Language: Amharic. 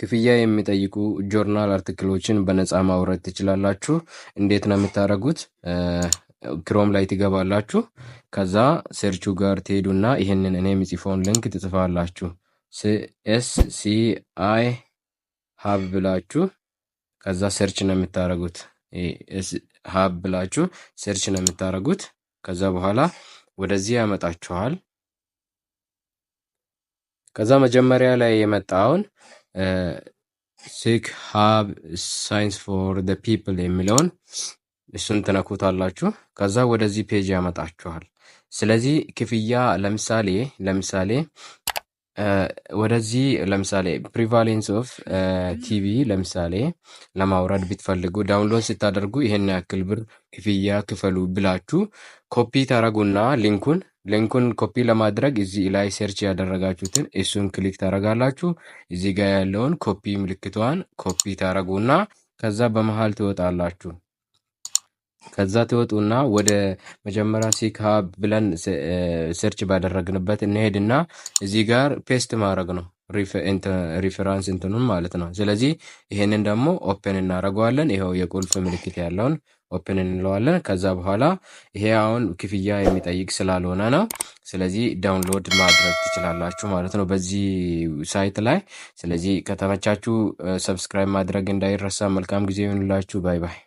ክፍያ የሚጠይቁ ጆርናል አርቲክሎችን በነፃ ማውረድ ትችላላችሁ። እንዴት ነው የምታደርጉት? ክሮም ላይ ትገባላችሁ። ከዛ ሰርቹ ጋር ትሄዱና ይህንን እኔ የሚጽፈውን ሊንክ ትጽፋላችሁ። ኤስ ሲ አይ ሀብ ብላችሁ ከዛ ሰርች ነው የምታደርጉት። ሀብ ብላችሁ ሰርች ነው የምታደርጉት። ከዛ በኋላ ወደዚህ ያመጣችኋል። ከዛ መጀመሪያ ላይ የመጣውን ሲክ ሃብ ሳይንስ ፎር ደ ፒፕል የሚለውን እሱን ትነኩታላችሁ። ከዛ ወደዚህ ፔጅ ያመጣችኋል። ስለዚህ ክፍያ ለምሳሌ ለምሳሌ uh, ወደዚህ ለምሳሌ ፕሪቫሌንስ ኦፍ ቲቪ ለምሳሌ ለማውረድ ብትፈልጉ ዳውንሎድ ስታደርጉ ይሄን ያክል ብር ክፍያ ክፈሉ ብላችሁ ኮፒ ተረጉና ሊንኩን ሊንኩን ኮፒ ለማድረግ እዚህ ላይ ሰርች ያደረጋችሁትን እሱን ክሊክ ታደርጋላችሁ። እዚህ ጋር ያለውን ኮፒ ምልክቷን ኮፒ ታደርጉና ከዛ በመሃል ትወጣላችሁ። ከዛ ትወጡና ወደ መጀመሪያ ሲክ ሀብ ብለን ሰርች ባደረግንበት እንሄድና እዚህ ጋር ፔስት ማድረግ ነው። ሪፈራንስ እንትኑን ማለት ነው። ስለዚህ ይሄንን ደግሞ ኦፕን እናደርገዋለን። ይኸው የቁልፍ ምልክት ያለውን ኦፕን እንለዋለን። ከዛ በኋላ ይሄ አሁን ክፍያ የሚጠይቅ ስላልሆነ ነው። ስለዚህ ዳውንሎድ ማድረግ ትችላላችሁ ማለት ነው በዚህ ሳይት ላይ። ስለዚህ ከተመቻችሁ ሰብስክራይብ ማድረግ እንዳይረሳ። መልካም ጊዜ ይሁንላችሁ። ባይ ባይ።